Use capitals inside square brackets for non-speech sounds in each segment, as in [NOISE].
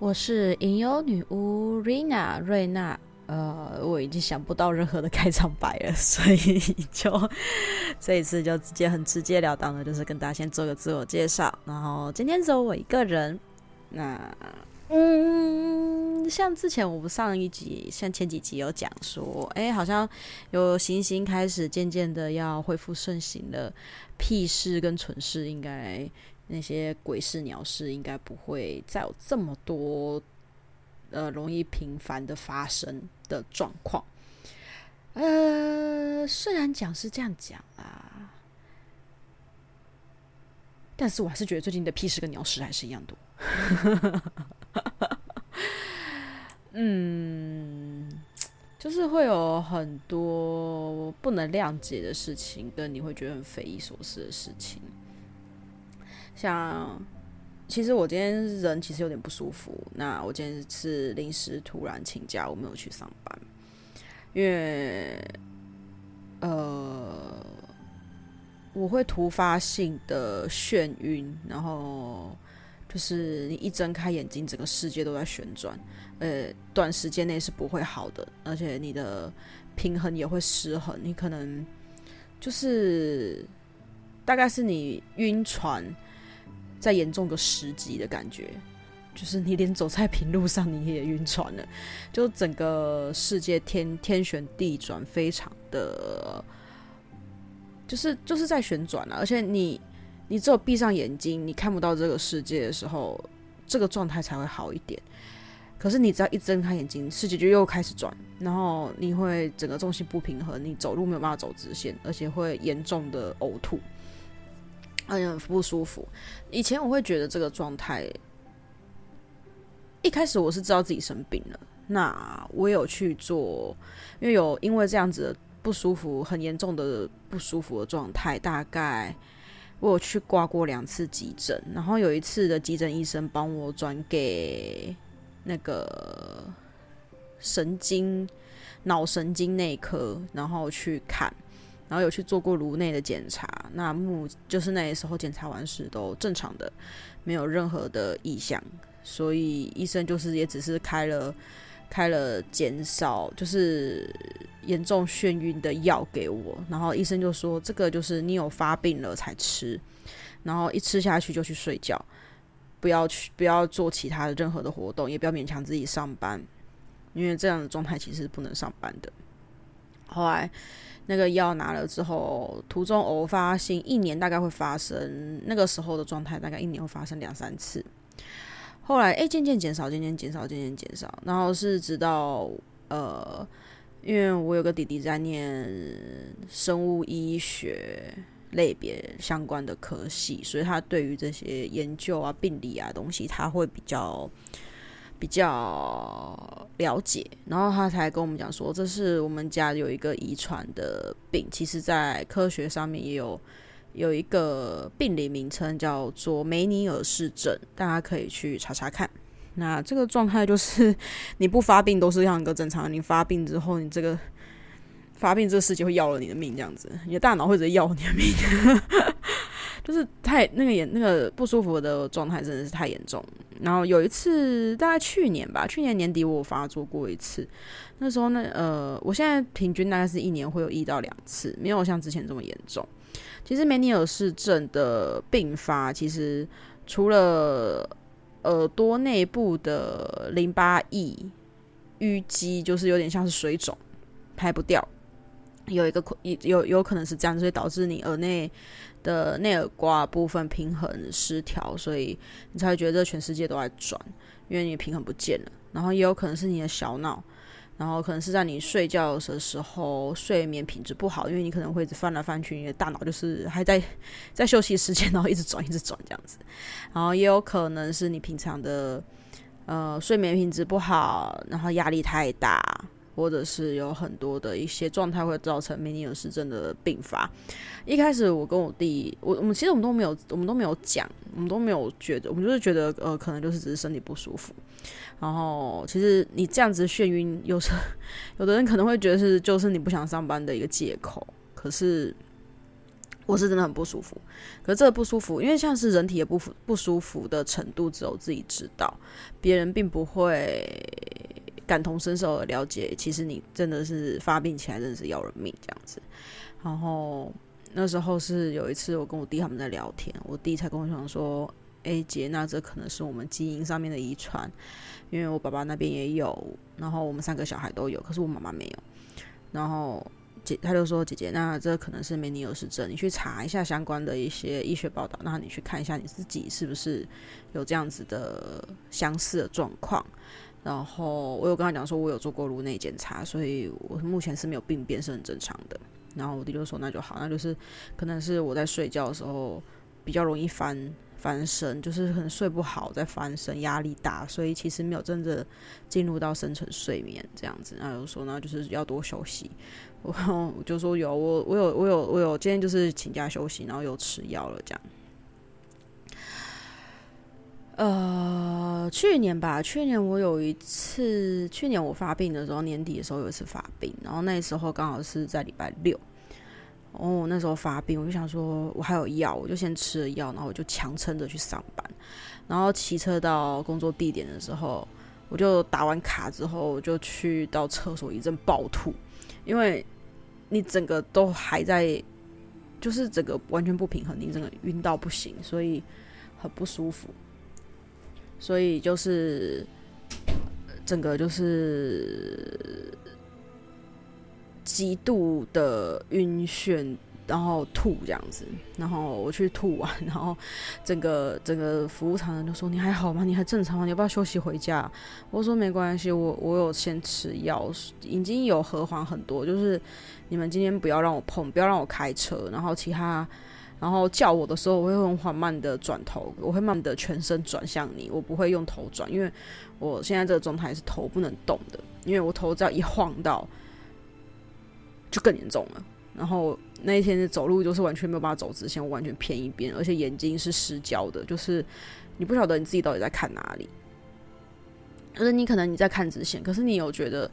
我是吟遊女巫瑞娜，Reena，瑞娜，呃，我已經想不到任何的開場白了，所以就這一次就直接很直截了當的，就是跟大家先做個自我介紹。然後今天只有我一個人，那嗯，像之前我們上一集，像前幾集有講說，哎、欸，好像有行星開始漸漸的要恢復順行了，屁事跟蠢事應該。那些鬼事、鳥事應該不會再有這麼多，呃，容易頻繁的發生的狀況。呃，雖然講是這樣講啊,但是我還是覺得最近的屁事跟鳥事還是一樣多。 [LAUGHS] 嗯，就是會有很多不能諒解的事情，跟你會覺得很匪夷所思的事情。像，其實我今天人其實有點不舒服。那我今天是臨時突然請假，我沒有去上班，因為，呃，我會突發性的眩暈，然後就是你一睜開眼睛，整個世界都在旋轉。呃，短時間內是不會好的，而且你的平衡也會失衡。你可能就是大概是你暈船。再嚴重個十級的感覺，就是你連走在平路上你也暈船了，就整個世界天天旋地轉，非常的，就是就是在旋轉了。而且你你只有閉上眼睛，你看不到這個世界的時候，這個狀態才會好一點。可是你只要一睜開眼睛，世界就又開始轉，然後你會整個重心不平衡，你走路沒有辦法走直線，而且會嚴重的嘔吐。哎呀，不舒服。以前我會覺得這個狀態，一開始我是知道自己生病了。那我有去做，因為有因為這樣子的不舒服，很嚴重的不舒服的狀態，大概我有去掛過兩次急診，然後有一次的急診醫生幫我轉給那個神經、腦神經內科，然後去看。然後有去做過顱內的檢查，那目就是那時候檢查完時都正常的，沒有任何的異象，所以醫生就是也只是開了開了減少就是嚴重眩暈的藥給我，然後醫生就說，這個就是你有發病了才吃，然後一吃下去就去睡覺，不要去不要做其他的任何的活動，也不要勉強自己上班，因為這樣的狀態其實不能上班的。後來，那個藥拿了之後，途中偶發性，一年大概會發生。那個時候的狀態大概一年會發生兩三次。後來，哎，漸漸減少，漸漸減少，漸漸減少。然後是直到呃，因為我有個弟弟在念生物醫學類別相關的科系，所以他對於這些研究啊、病理啊東西，他會比較。比較了解，然後他才跟我們講說，這是我們家有一個遺傳的病，其實在科學上面也有有一個病理名稱叫做梅尼爾氏症，大家可以去查查看。那這個狀態就是你不發病都是像個正常，你發病之後，你這個發病這個事情會要了你的命，這樣子，你的大腦會直接要你的命。 [LAUGHS] 就是太那個嚴那個不舒服的狀態，真的是太嚴重。然後有一次，大概去年吧，去年年底我發作過一次。那時候呢，呃，我現在平均大概是一年會有一到兩次，沒有像之前這麼嚴重。其實梅尼爾氏症的病發，其實除了耳朵內部的淋巴液淤積，就是有點像是水腫，排不掉，有一個可有有有可能是這樣，所以導致你耳內。的內耳瓜部分平衡失調，所以你才會覺得這全世界都在轉，因為你平衡不見了。然後也有可能是你的小腦，然後可能是在你睡覺的時候睡眠品質不好，因為你可能會一直翻來翻去，你的大腦就是還在在休息時間，然後一直轉一直轉這樣子。然後也有可能是你平常的呃睡眠品質不好，然後壓力太大。或者是有很多的一些狀態會造成梅尼爾氏症的病發。一開始我跟我弟，我我們其實我們都沒有，我們都沒有講，我們都沒有覺得，我們就是覺得呃，可能就是只是身體不舒服。然後其實你這樣子眩暈，有時候有的人可能會覺得是就是你不想上班的一個借口。可是我是真的很不舒服。可是這個不舒服，因為像是人體也不不舒服的程度，只有自己知道，別人並不會。感同身受的了解，其實你真的是發病起來，真的是要人命這樣子。然後那時候是有一次，我跟我弟他們在聊天，我弟才跟我講說：“誒，姐，那這可能是我們基因上面的遺傳，因為我爸爸那邊也有，然後我們三個小孩都有，可是我媽媽沒有。”然後姐他就說：“姐姐，那這可能是梅尼爾氏症，你去查一下相關的一些醫學報道，然後你去看一下你自己是不是有這樣子的相似的狀況。”然後我有跟他講說，我有做過顱內檢查，所以我目前是沒有病變，是很正常的。然後我弟就說那就好，那就是可能是我在睡覺的時候比較容易翻翻身，就是可能睡不好再翻身，壓力大，所以其實沒有真正進入到深層睡眠這樣子。然後就說呢，就是要多休息。我就說有，我我有我有我有，今天就是請假休息，然後有吃藥了這樣。呃，去年吧，去年我有一次，去年我發病的時候，年底的時候有一次發病，然後那時候剛好是在禮拜六，哦，那時候發病，我就想說，我還有藥，我就先吃了藥，然後我就強撐着去上班，然後騎車到工作地點的時候，我就打完卡之後，我就去到廁所一陣暴吐，因為你整個都還在，就是整個完全不平衡，你整個暈到不行，所以很不舒服。所以就是整個就是極度的暈眩，然後吐，這樣子。然後我去吐完，啊，然後整個整個服務場人都說：“你還好嗎？你還正常嗎？你要不要休息回家？”我說：“沒關係，我我有先吃藥，已經有和緩很多。就是你們今天不要讓我碰，不要讓我開車，然後其他。”然後叫我的時候，我會很緩慢的轉頭，我會慢的全身轉向你，我不會用頭轉，因為我現在這個狀態是頭不能動的，因為我頭只要一晃到，就更嚴重了。然後那一天的走路就是完全沒有辦法走直線，我完全偏一邊，而且眼睛是失焦的，就是你不曉得你自己到底在看哪裡。可是你可能你在看直線，可是你有覺得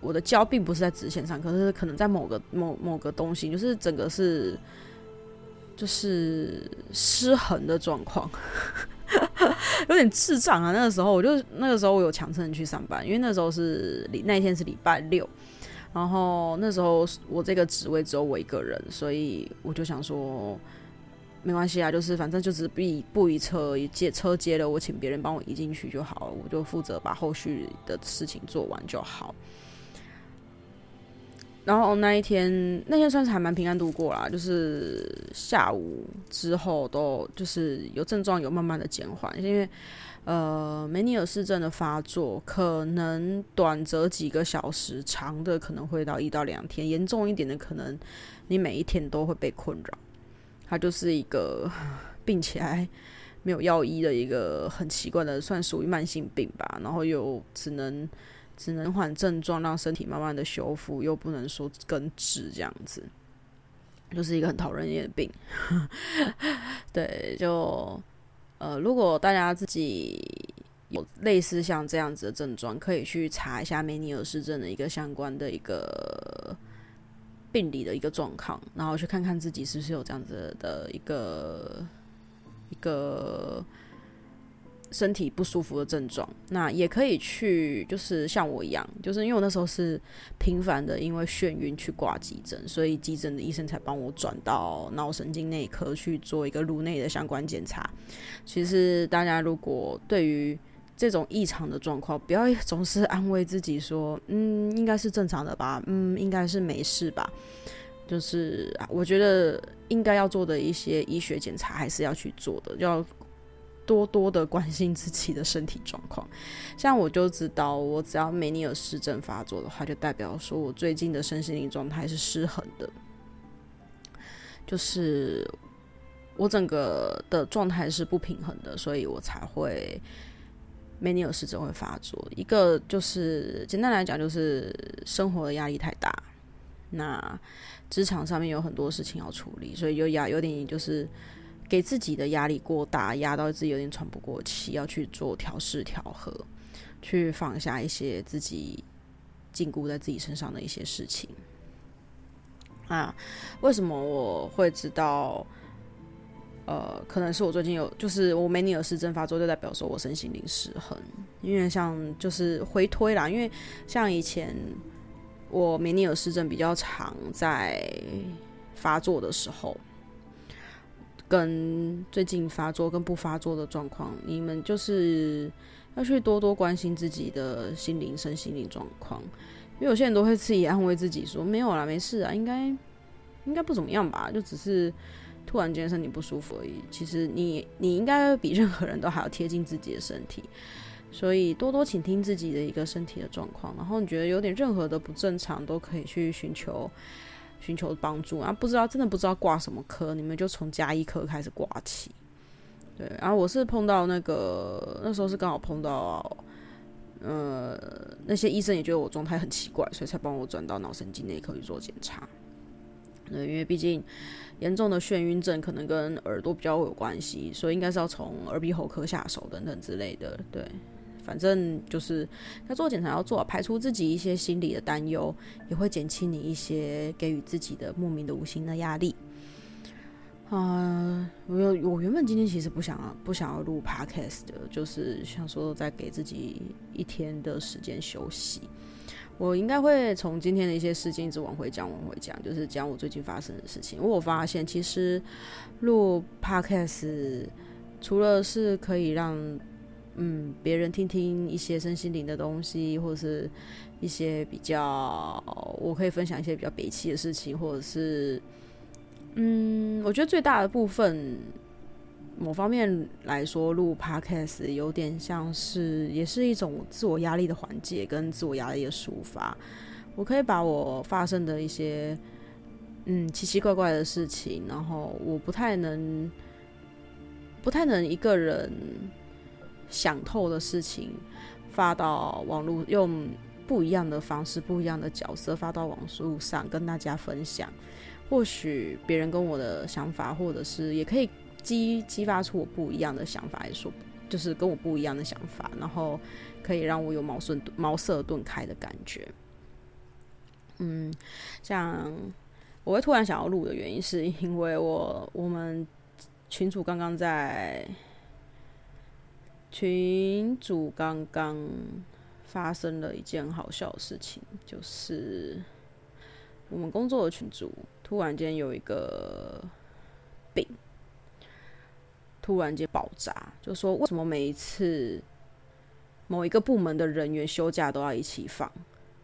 我的焦並不是在直線上，可是可能在某個某某個東西，就是整個是。就是失衡的狀況，有點智障啊！那個時候，我就那個時候我有強撐去上班，因為那時候是禮那一天是禮拜六，然後那時候我這個職位只有我一個人，所以我就想說，沒關係啊，就是反正就只是不移不移車接車接了我，我請別人幫我移進去就好了，我就負責把後續的事情做完就好。然後那一天，那天算是還蠻平安度過了。就是下午之後都就是有症狀，有慢慢的減緩。因為，呃，梅尼爾氏症的發作，可能短則幾個小時，長的可能會到一到兩天。嚴重一點的，可能你每一天都會被困擾。它就是一個，並且沒有藥醫的一個很奇怪的，算屬於慢性病吧。然後又只能。只能緩症狀，讓身體慢慢的修復，又不能說根治這樣子，就是一個很討人厭的病。 [LAUGHS] 對，就呃，如果大家自己有類似像這樣子的症狀，可以去查一下梅尼爾氏症的一個相關的一個病理的一個狀況，然後去看看自己是不是有這樣子的一個一個。身體不舒服的症狀，那也可以去，就是像我一樣，就是因為我那時候是頻繁的因為眩暈去掛急診，所以急診的醫生才幫我轉到腦神經內科去做一個顱內的相關檢查。其實大家如果對於這種異常的狀況，不要總是安慰自己說，嗯，應該是正常的吧？嗯，應該是沒事吧？就是我覺得應該要做的一些醫學檢查還是要去做的，要。多多的關心自己的身體狀況，像我就知道，我只要梅尼爾氏症發作的話，就代表說我最近的身心靈狀態是失衡的，就是我整個的狀態是不平衡的，所以我才會梅尼爾氏症會發作。一個就是簡單來講，就是生活的壓力太大，那職場上面有很多事情要處理，所以有壓有點就是。給自己的壓力過大，壓到自己有點喘不過氣，要去做調適、調和，去放下一些自己禁錮在自己身上的一些事情啊。為什麼我會知道？呃，可能是我最近有，就是我梅尼爾氏症發作，就代表說我身心靈失衡。因為像就是回推啦，因為像以前我梅尼爾氏症比較常在發作的時候。跟最近發作跟不發作的狀況，你們就是要去多多關心自己的心靈、身心靈狀況，因為有些人都會自己安慰自己說沒有啦，沒事啊，應該應該不怎麼樣吧，就只是突然間身體不舒服而已。其實你你應該比任何人都還要貼近自己的身體，所以多多傾聽自己的一個身體的狀況，然後你覺得有點任何的不正常，都可以去尋求。尋求幫助啊！不知道，真的不知道掛什麼科，你們就從家醫科開始掛起。對，然後，我是碰到那個那時候是剛好碰到，呃，那些醫生也覺得我狀態很奇怪，所以才幫我轉到腦神經內科去做檢查。對，因為畢竟嚴重的眩暈症可能跟耳朵比較有關係，所以應該是要從耳鼻喉科下手等等之類的。對。反正就是要做檢查，要做，啊、排除自己一些心理的擔憂，也會減輕你一些給予自己的莫名的，無形的壓力。啊、uh，我我原本今天其實不想要不想要錄 Podcast 的，就是想說再給自己一天的時間休息。我應該會從今天的一些事情一直往回講，往回講，就是講我最近發生的事情。因為我發現，其實錄 Podcast 除了是可以讓嗯，別人聽聽一些身心靈的東西，或者是一些比較，我可以分享一些比較悲氣的事情，或者是，嗯，我覺得最大的部分，某方面來說，錄 podcast 有點像是，也是一種自我壓力的緩解跟自我壓力的抒發。我可以把我發生的一些，嗯，奇奇怪怪的事情，然後我不太能，不太能一個人。想透的事情，發到網絡，用不一樣的方式、不一樣的角色發到網絡上，跟大家分享。或許別人跟我的想法，或者是也可以激激發出我不一樣的想法，也說就是跟我不一樣的想法，然後可以讓我有茅瞬茅塞頓開的感覺。嗯，像我會突然想要錄的原因，是因為我我們群主剛剛在。群組剛剛發生了一件好笑的事情，就是我們工作的群組突然間有一個病，突然間爆炸，就說為什麼每一次某一個部門的人員休假都要一起放，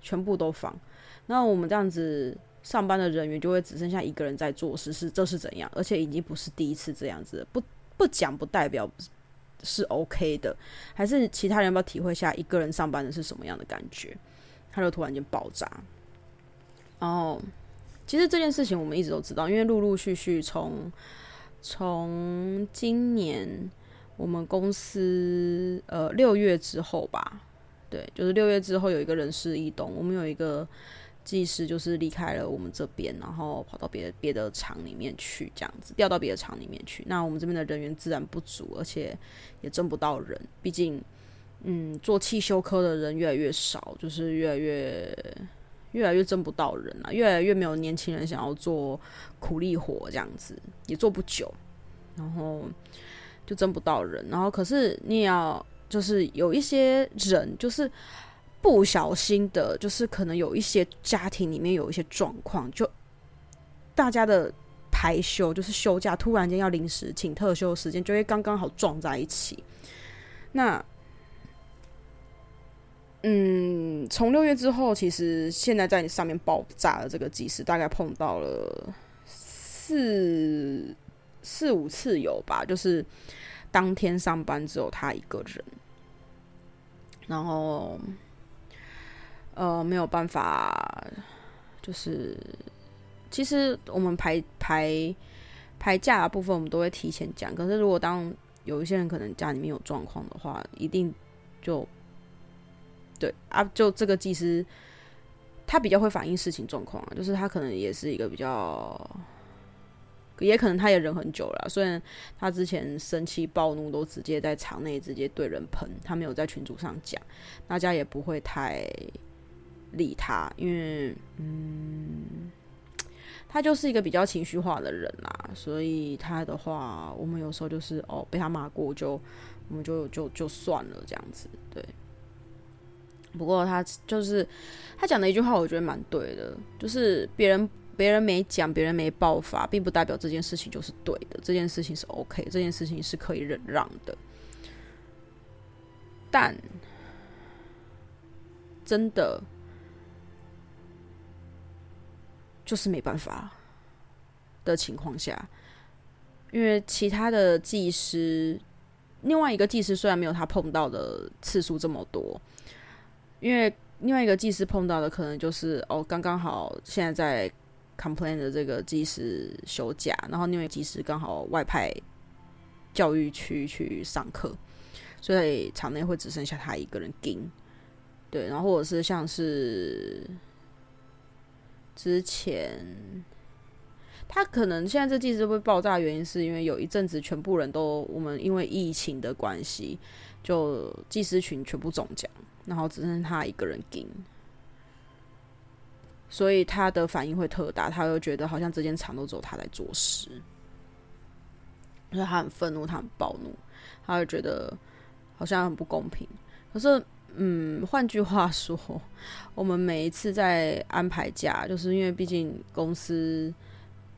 全部都放，那我們這樣子上班的人員就會只剩下一個人在做事，是這是怎樣？而且已經不是第一次這樣子，不不講不代表不。是 OK 的，還是其他人要不要體會下一個人上班的是什麼樣的感覺？他就突然間爆炸。然後、oh, 其實這件事情我們一直都知道，因為陸陸續續從從今年我們公司呃六月之後吧，對，就是六月之後有一個人事異動，我們有一個。技師就是離開了我們這邊，然後跑到別的別的廠裡面去，這樣子調到別的廠裡面去。那我們這邊的人員自然不足，而且也徵不到人。畢竟，嗯，做汽修科的人越來越少，就是越來越越來越徵不到人了，越來越沒有年輕人想要做苦力活這樣子，也做不久，然後就徵不到人。然後，可是你也要就是有一些人就是。不小心的，就是可能有一些家庭裡面有一些狀況，就大家的排休，就是休假，突然間要臨時請特休的時間，就會剛剛好撞在一起。那，嗯，從六月之後，其實現在在你上面爆炸的這個計時，大概碰到了四四五次有吧，就是當天上班只有他一個人，然後。呃，沒有辦法，就是其實我們排排排假的部分，我們都會提前講。可是如果當有一些人可能家裡面有狀況的話，一定就對啊，就這個技師他比較會反映事情狀況，就是他可能也是一個比較，也可能他也忍很久了。雖然他之前生氣暴怒都直接在場內直接對人噴，他沒有在群組上講，大家也不會太。理他，因為嗯，他就是一個比較情緒化的人啦、啊，所以他的話，我們有時候就是哦，被他罵過就，我們就就就算了這樣子。對，不過他就是他講的一句話，我覺得蠻對的，就是別人別人沒講，別人沒爆發，並不代表這件事情就是對的，這件事情是 OK，這件事情是可以忍讓的，但真的。就是沒辦法的情況下，因為其他的技師，另外一個技師雖然沒有他碰到的次數這麼多，因為另外一個技師碰到的可能就是哦，剛剛好現在在 complain 的這個技師休假，然後另外一個技師剛好外派教育區去上課，所以場內會只剩下他一個人盯。對，然後或者是像是。之前，他可能現在這技師會爆炸的原因，是因為有一陣子全部人都我們因為疫情的關係，就技師群全部中獎，然後只剩他一個人金，所以他的反應會特大，他又覺得好像這間廠都只有他在做事，所以他很憤怒，他很暴怒，他就覺得好像很不公平，可是，嗯，換句話說，我們每一次在安排假，就是因為畢竟公司，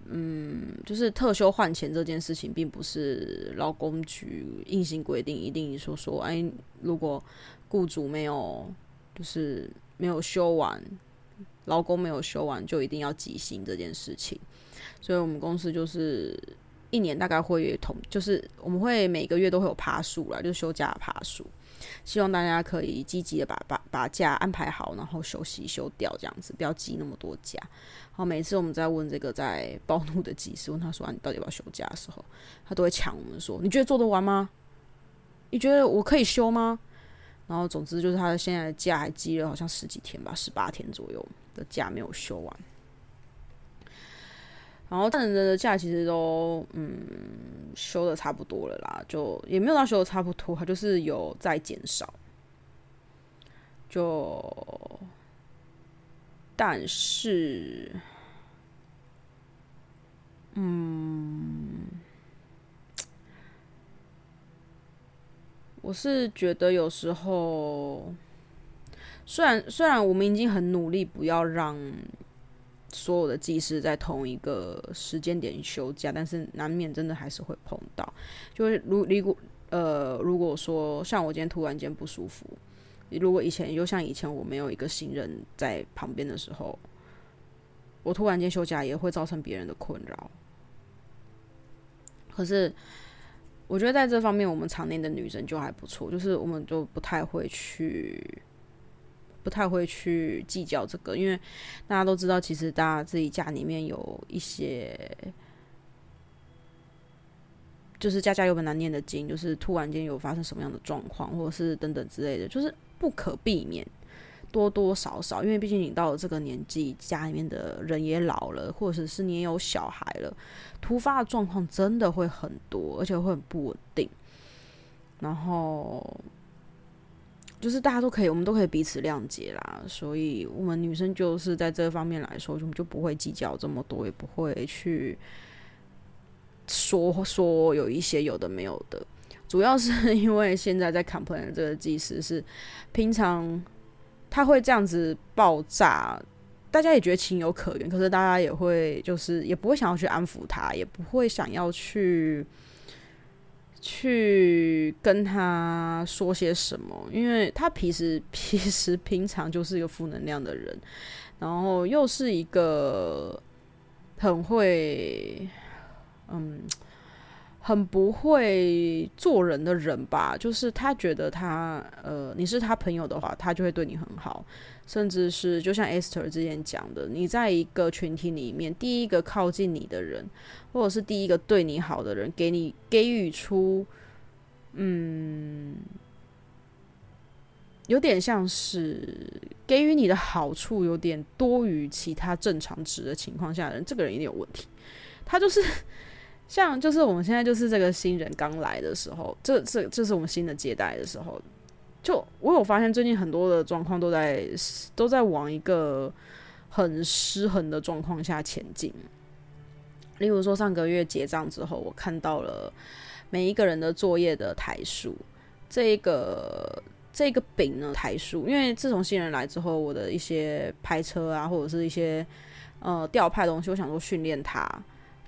嗯，就是特休換錢這件事情，並不是勞工局硬性規定，一定說說，哎、欸，如果僱主沒有，就是沒有休完，勞工沒有休完，就一定要給薪這件事情。所以，我們公司就是一年大概會有同，就是我們會每個月都會有趴數啦，就休假趴數。希望大家可以積極地把把把假安排好，然後休息休掉這樣子，不要積那麼多假。然後，每次我們在問這個在暴怒的技師，問他說、啊、你到底要不要休假的時候，他都會搶我們說，你覺得做得完嗎？你覺得我可以休嗎？然後總之就是他現在的假還積了好像十幾天吧，十八天左右的假沒有休完。然後大人的假期其實都嗯休的差不多了啦，就也沒有到休的差不多，它就是有在減少。就，但是，嗯，我是覺得有時候，雖然雖然我們已經很努力，不要讓。所有的技師在同一個時間點休假，但是難免真的還是會碰到。就是如如果、呃，如果說像我今天突然間不舒服，你如果以前就像以前我沒有一個新人在旁邊的時候，我突然間休假也會造成別人的困擾。可是我覺得在這方面，我們常年的女生就還不錯，就是我們就不太會去。不太會去計較這個，因為大家都知道，其實大家自己家裡面有一些，就是家家有本難念的經，就是突然間有發生什麼樣的狀況，或者是等等之類的，就是不可避免，多多少少，因為畢竟你到了這個年紀，家裡面的人也老了，或者是你也有小孩了，突發的狀況真的會很多，而且會很不穩定，然後。就是大家都可以，我們都可以彼此諒解啦。所以，我們女生就是在這方面來說，就，就不會計較這麼多，也不會去說說有一些有的沒有的。主要是因為現在在 complain 這個技師是平常他會這樣子爆炸，大家也覺得情有可原，可是大家也會就是也不會想要去安撫他，也不會想要去。去跟他說些什麼？因為他平時、平時、平常就是一個負能量的人，然後又是一個很會，嗯。很不會做人的人吧，就是他覺得他呃，你是他朋友的話，他就會對你很好，甚至是就像 Esther 之前講的，你在一個群體裡面，第一個靠近你的人，或者是第一個對你好的人，給你給予出，嗯，有點像是給予你的好處有點多於其他正常值的情況下的人，人這個人一定有問題，他就是。像就是我們現在就是這個新人剛來的時候，這這這是我們新的接待的時候，就我有發現最近很多的狀況都在都在往一個很失衡的狀況下前進。例如說上個月結賬之後，我看到了每一個人的作業的台數，這個這個餅呢台數，因為自從新人來之後，我的一些排車啊或者是一些呃調派的東西，我想說訓練他。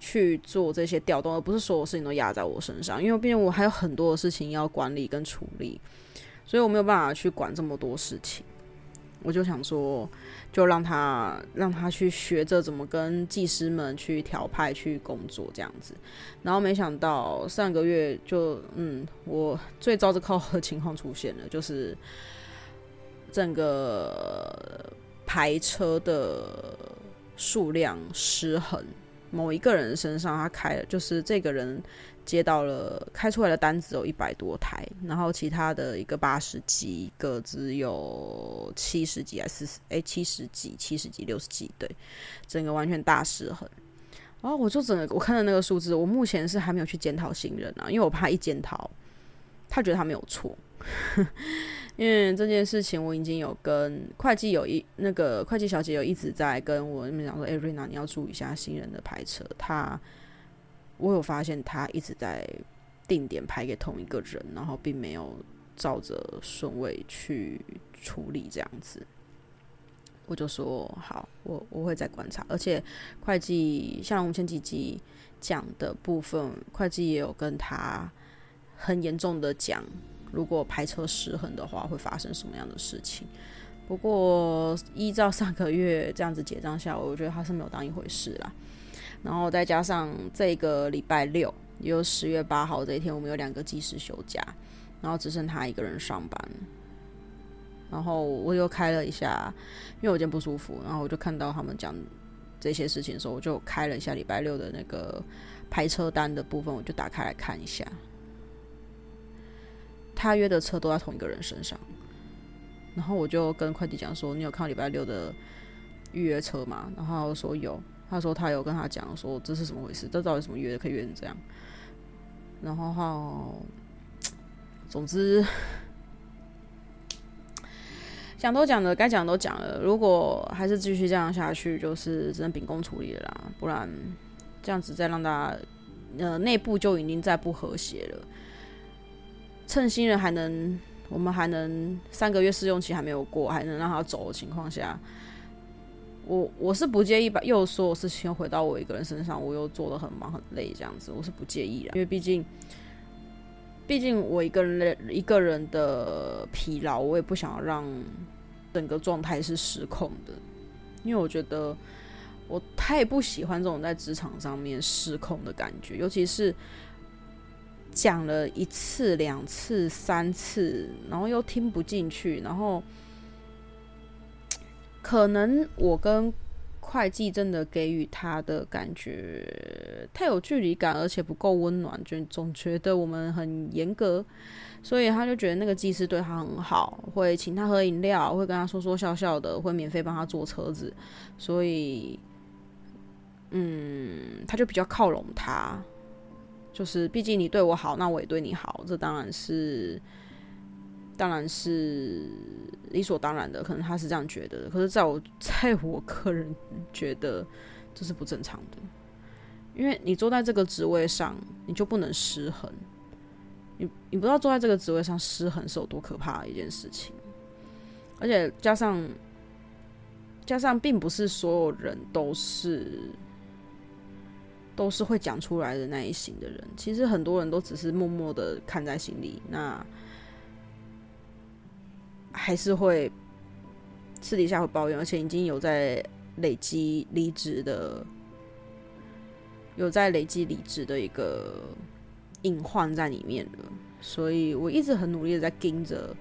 去做這些調動，而不是所有事情都壓在我身上，因為畢竟我還有很多的事情要管理跟處理，所以我沒有辦法去管這麼多事情。我就想說，就讓他讓他去學着怎麼跟技師們去調派去工作這樣子。然後沒想到上個月就嗯，我最糟糕的情況出現了，就是整個排車的數量失衡。某一個人身上，他開了。就是這個人接到了開出來的單子有一百多台，然後其他的一個八十幾，一個只有七十幾，還是哎，七十幾，七十幾，六十幾，對，整個完全大失衡。然後我就整個我看到那個數字，我目前是還沒有去檢討新人啊，因為我怕一檢討，他覺得他沒有錯。 [LAUGHS] 因為這件事情，我已經有跟會計有一那個會計小姐有一直在跟我那邊講說：“欸，Reena，你要注意一下新人的排車。”她，我有發現她一直在定點排給同一個人，然後並沒有照着順位去處理這樣子。我就說好，我我會再觀察。而且會計像我們前幾集講的部分，會計也有跟她很嚴重的講。如果排車失衡的話，會發生什麼樣的事情？不過依照上個月這樣子結賬下來，我覺得他是沒有當一回事啦。然後再加上這個禮拜六，也有十月八號這一天，我們有兩個技師休假，然後只剩他一個人上班。然後我又開了一下，因為我今天不舒服，然後我就看到他們講這些事情的時候，我就開了一下禮拜六的那個排車單的部分，我就打開來看一下。他約的車都在同一個人身上，然後我就跟快遞講說：“你有看到禮拜六的預約車嗎？”然後說有，他說他有跟他講說這是怎麼回事，這到底怎麼約可以約成這樣？然後，總之，講都講了，該講的都講了。如果還是繼續這樣下去，就是只能秉公處理了啦，不然這樣子再讓大家呃內部就已經再不和諧了。趁新人還能，我們還能三個月試用期還沒有過，還能讓他走的情況下，我我是不介意把又所有事情又回到我一個人身上，我又做得很忙很累，這樣子我是不介意的，因為畢竟，畢竟我一個人一個人的疲勞，我也不想要讓整個狀態是失控的，因為我覺得我太不喜歡這種在職場上面失控的感覺，尤其是。講了一次、兩次、三次，然後又聽不進去，然後可能我跟會計真的給予他的感覺太有距離感，而且不夠溫暖，就總覺得我們很嚴格，所以他就覺得那個技師對他很好，會請他喝飲料，會跟他說說笑笑的，會免費幫他坐車子，所以嗯，他就比較靠攏他。就是，畢竟你對我好，那我也對你好，這當然是，當然是理所當然的。可能他是這樣覺得的，可是在我，在我個人覺得這是不正常的。因為你坐在這個職位上，你就不能失衡。你你不知道坐在這個職位上失衡是有多可怕的一件事情，而且加上，加上並不是所有人都是。都是會講出來的那一型的人，其實很多人都只是默默的看在心裡，那還是會私底下會抱怨，而且已經有在累積離職的，有在累積離職的一個隱患在裡面了，所以我一直很努力的在盯着，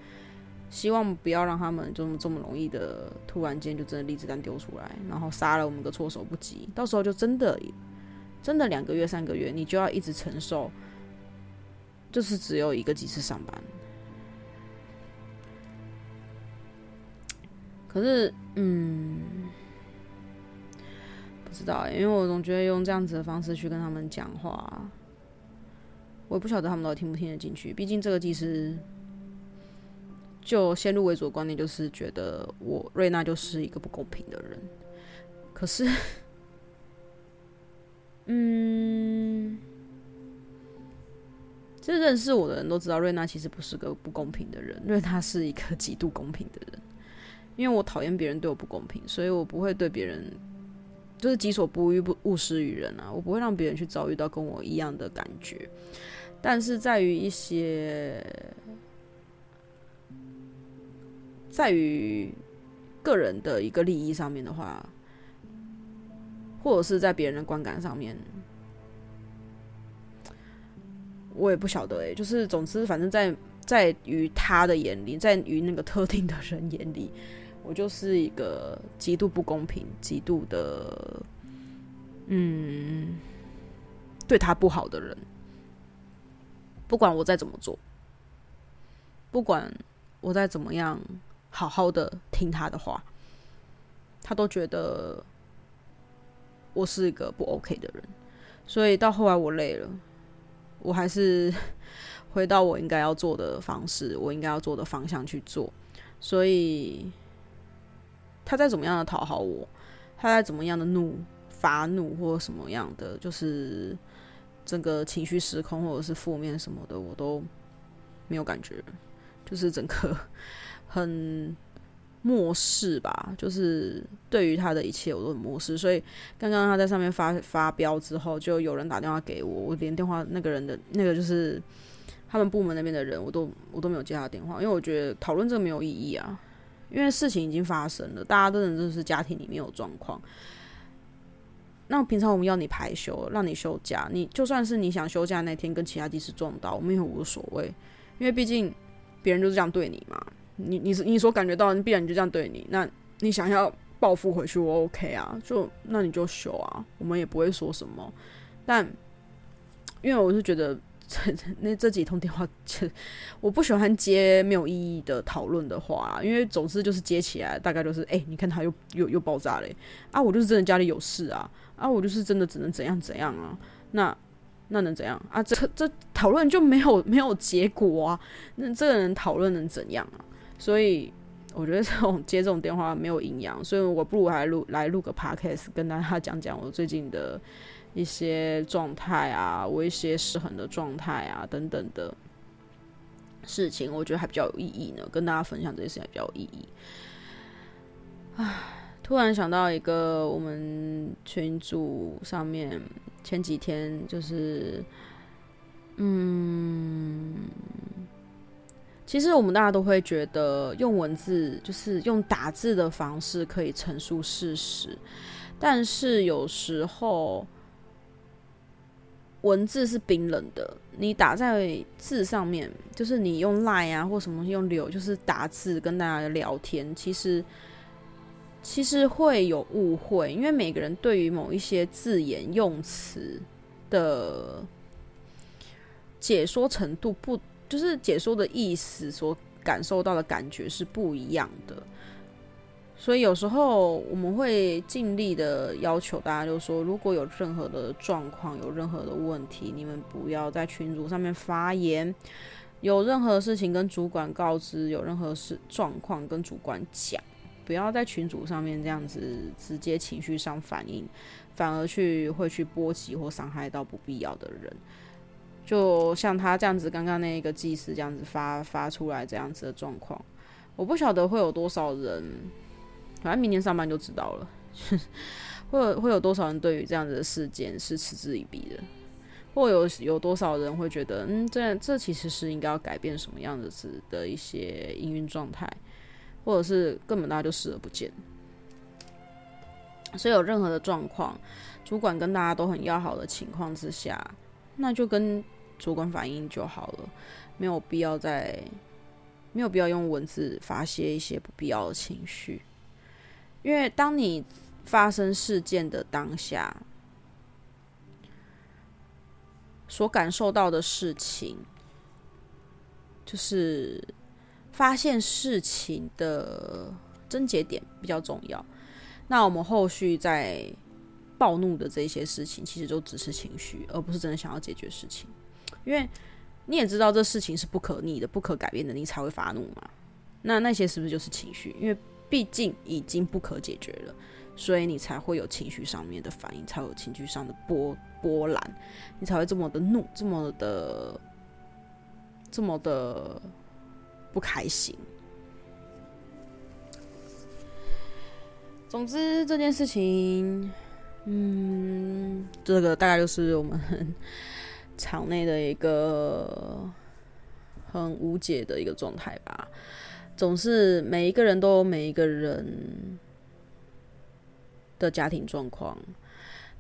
希望不要讓他們就這麼容易的突然間就真的離職單丟出來，然後殺了我們個措手不及，到時候就真的。真的兩個月，三個月，你就要一直承受，就是只有一個技師上班。可是，嗯，不知道欸，因為我總覺得用這樣子的方式去跟他們講話，我也不曉得他們到底聽不聽得進去。畢竟這個技師就先入為主的觀念，就是覺得我瑞娜就是一個不公平的人。可是。嗯，這認識我的人都知道，瑞娜其實不是個不公平的人，瑞娜是一個極度公平的人。因為我討厭別人對我不公平，所以我不會對別人，就是己所不欲，不勿施於人啊。我不會讓別人去遭遇到跟我一樣的感覺。但是，在於一些，在於個人的一個利益上面的話。或者是在別人的觀感上面，我也不曉得哎、欸。就是總之，反正在在於他的眼裡，在於那個特定的人眼裡，我就是一個極度不公平、極度的嗯，對他不好的人。不管我再怎麼做，不管我再怎麼樣好好的聽他的話，他都覺得。我是一個不 OK 的人，所以到後來我累了，我還是回到我應該要做的方式，我應該要做的方向去做。所以他再怎麼樣的討好我，他再怎麼樣的怒發怒或什麼樣的，就是整個情緒失控或者是負面什麼的，我都沒有感覺，就是整個很。漠視吧，就是對於他的一切我都很漠視。所以剛剛他在上面發發飆之後，就有人打電話給我，我連電話那個人的那個就是他們部門那邊的人，我都我都沒有接他電話，因為我覺得討論這個沒有意義啊，因為事情已經發生了，大家真的就是家庭裡面有狀況。那平常我們要你排休，讓你休假，你就算是你想休假那天跟其他技師撞到，我們也無所謂，因為畢竟別人就是這樣對你嘛。你你你所感覺到的，必然就這樣對你。那你想要報復回去，我 OK 啊，就那你就修啊，我們也不會說什麼。但因為我是覺得，那這，這，這幾通電話，我不喜歡接沒有意義的討論的話，因為總之就是接起來，大概就是哎、欸，你看他又又又爆炸嘞，啊，我就是真的家裡有事啊，啊，我就是真的只能怎樣怎樣啊，那那能怎樣啊？這這討論就沒有沒有結果啊？那這個人討論能怎樣啊？所以我覺得這種接這種電話沒有營養，所以我不如還錄來錄個 podcast，跟大家講講我最近的一些狀態啊，我一些失衡的狀態啊等等的事情，我覺得還比較有意義呢，跟大家分享這些事情還比較有意義。唉，突然想到一個我們群組上面前幾天就是，嗯。其實我們大家都會覺得用文字，就是用打字的方式可以陳述事實，但是有時候文字是冰冷的，你打在字上面，就是你用 line 啊或什麼東西用聊，就是打字跟大家聊天，其實其實會有誤會，因為每個人對於某一些字眼用詞的解說程度不。就是解說的意思，所感受到的感覺是不一樣的，所以有時候我們會盡力的要求大家，就說如果有任何的狀況，有任何的問題，你們不要在群組上面發言，有任何事情跟主管告知，有任何事狀況跟主管講，不要在群組上面這樣子直接情緒上反應，反而去會去波及或傷害到不必要的人。就像他這樣子，剛剛那一個技師這樣子發發出來這樣子的狀況，我不曉得會有多少人，反正明天上班就知道了。哼，會有會有多少人對於這樣子的事件是嗤之以鼻的，或有有多少人會覺得，嗯，這這其實是應該要改變什麼樣子的一些營運狀態，或者是根本大家就視而不見。所以有任何的狀況，主管跟大家都很要好的情況之下，那就跟。主觀反應就好了，沒有必要再，沒有必要用文字發洩一些不必要的情緒，因為當你發生事件的當下，所感受到的事情，就是發現事情的症結點比較重要。那我們後續在暴怒的這些事情，其實就只是情緒，而不是真的想要解決事情。因為你也知道這事情是不可逆的、不可改變的，你才會發怒嘛。那那些是不是就是情緒？因為畢竟已經不可解決了，所以你才會有情緒上面的反應，才會有情緒上的波波瀾，你才會這麼的怒、這麼的、這麼的不開心。總之這件事情，嗯，這個大概就是我們很。場內的一個很無解的一個狀態吧，總是每一個人都有每一個人的家庭狀況，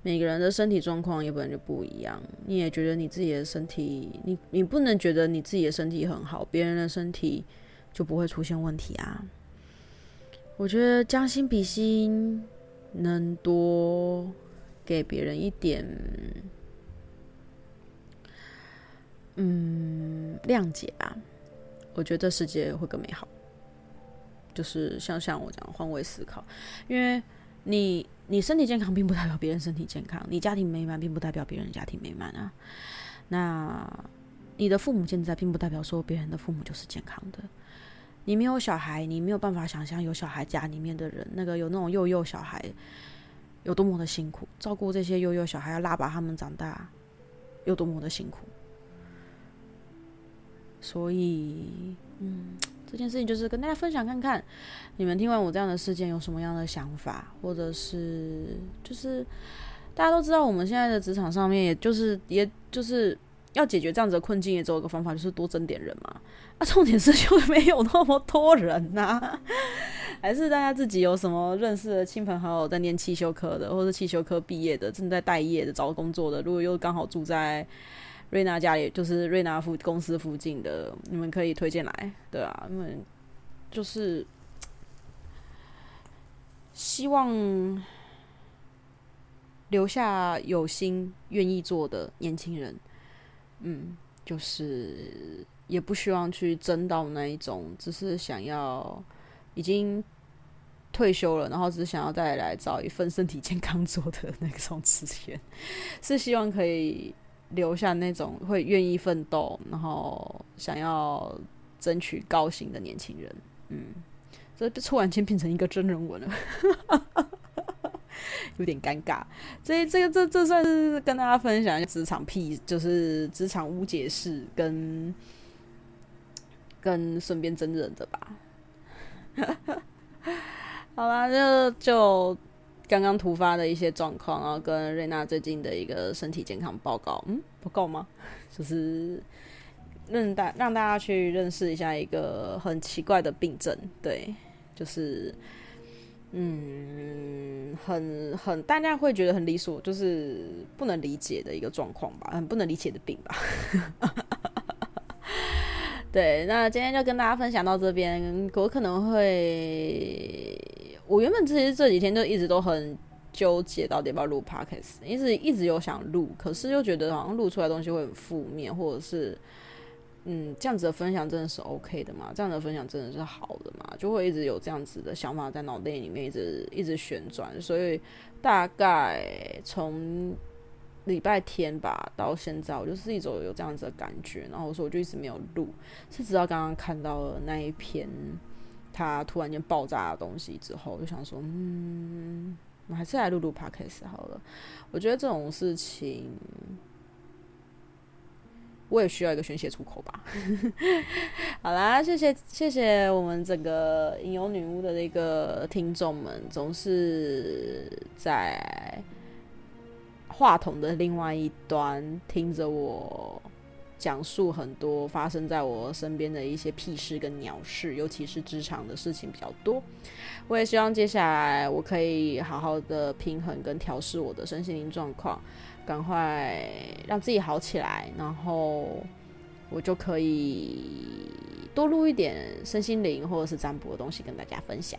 每個人的身體狀況也本就不一樣。你也覺得你自己的身體，你、你不能覺得你自己的身體很好，別人的身體就不會出現問題啊。我覺得將心比心，能多給別人一點。嗯，諒解吧，啊。我覺得世界會更美好。就是像像我這樣換位思考，因為你你身體健康，並不代表別人身體健康；你家庭美滿，並不代表別人家庭美滿啊。那你的父母健在，並不代表說別人的父母就是健康的。你沒有小孩，你沒有辦法想象有小孩家裡面的人，那個有那種幼幼小孩有多麼的辛苦，照顧這些幼幼小孩，要拉拔他們長大，有多麼的辛苦。所以，嗯，這件事情就是跟大家分享看看，你們聽完我這樣的事件有什麼樣的想法，或者是就是大家都知道，我們現在的職場上面，也就是也就是要解決這樣子的困境，也只有一個方法，就是多徵點人嘛。啊，重點是就沒有那麼多人吶、啊，還是大家自己有什麼認識的親朋好友在念汽修科的，或者汽修科畢業的，正在待業的，找工作的，如果又剛好住在。瑞娜家裡就是瑞娜附公司附近的，你們可以推薦來，對啊，因為就是希望留下有心願意做的年輕人，嗯，就是也不希望去爭到那一種，只是想要已經退休了，然後只是想要再來找一份身體健康做的那種職業，是希望可以。留下那種會願意奮鬥，然後想要爭取高薪的年輕人，嗯，這突然間變成一個真人文了， [LAUGHS] 有點尷尬。這、這個、這、這算是跟大家分享一下職場屁，就是職場誤解事，跟跟順便真人的吧。 [LAUGHS] 好啦，那就。就剛剛突發的一些狀況，然後跟瑞娜最近的一個身體健康報告，嗯，不夠嗎？就是認大讓大家去認識一下一個很奇怪的病症，對，就是嗯，很很大家會覺得很離譜，就是不能理解的一個狀況吧，很不能理解的病吧。 [LAUGHS] 對，那今天就跟大家分享到這邊，我可能會。我原本之前這幾天就一直都很糾結，到底要不要錄 Podcast，一直一直有想錄，可是又覺得好像錄出來的東西會很負面，或者是嗯，這樣子的分享真的是 OK 的嘛？這樣的分享真的是好的嘛？就會一直有這樣子的想法在腦袋裡面一直一直旋轉，所以大概從禮拜天吧到現在，我就是一直有這樣子的感覺，然後我說我就一直沒有錄，是直到剛剛看到了那一篇。他突然間爆炸的東西之後，我就想說，嗯，我還是來錄錄 podcast 好了。我覺得這種事情，我也需要一個宣洩出口吧。 [LAUGHS] 好啦，謝謝謝謝我們整個吟遊女巫的那個聽眾們，總是在話筒的另外一端聽着我，講述很多發生在我身邊的一些屁事跟鳥事，尤其是職場的事情比較多。我也希望接下來我可以好好的平衡跟調試我的身心靈狀況，趕快讓自己好起來，然後我就可以多錄一點身心靈或者是占卜的東西跟大家分享。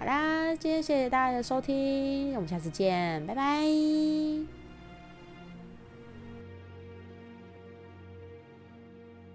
好啦，今天謝謝大家的收聽，我們下次見，拜拜。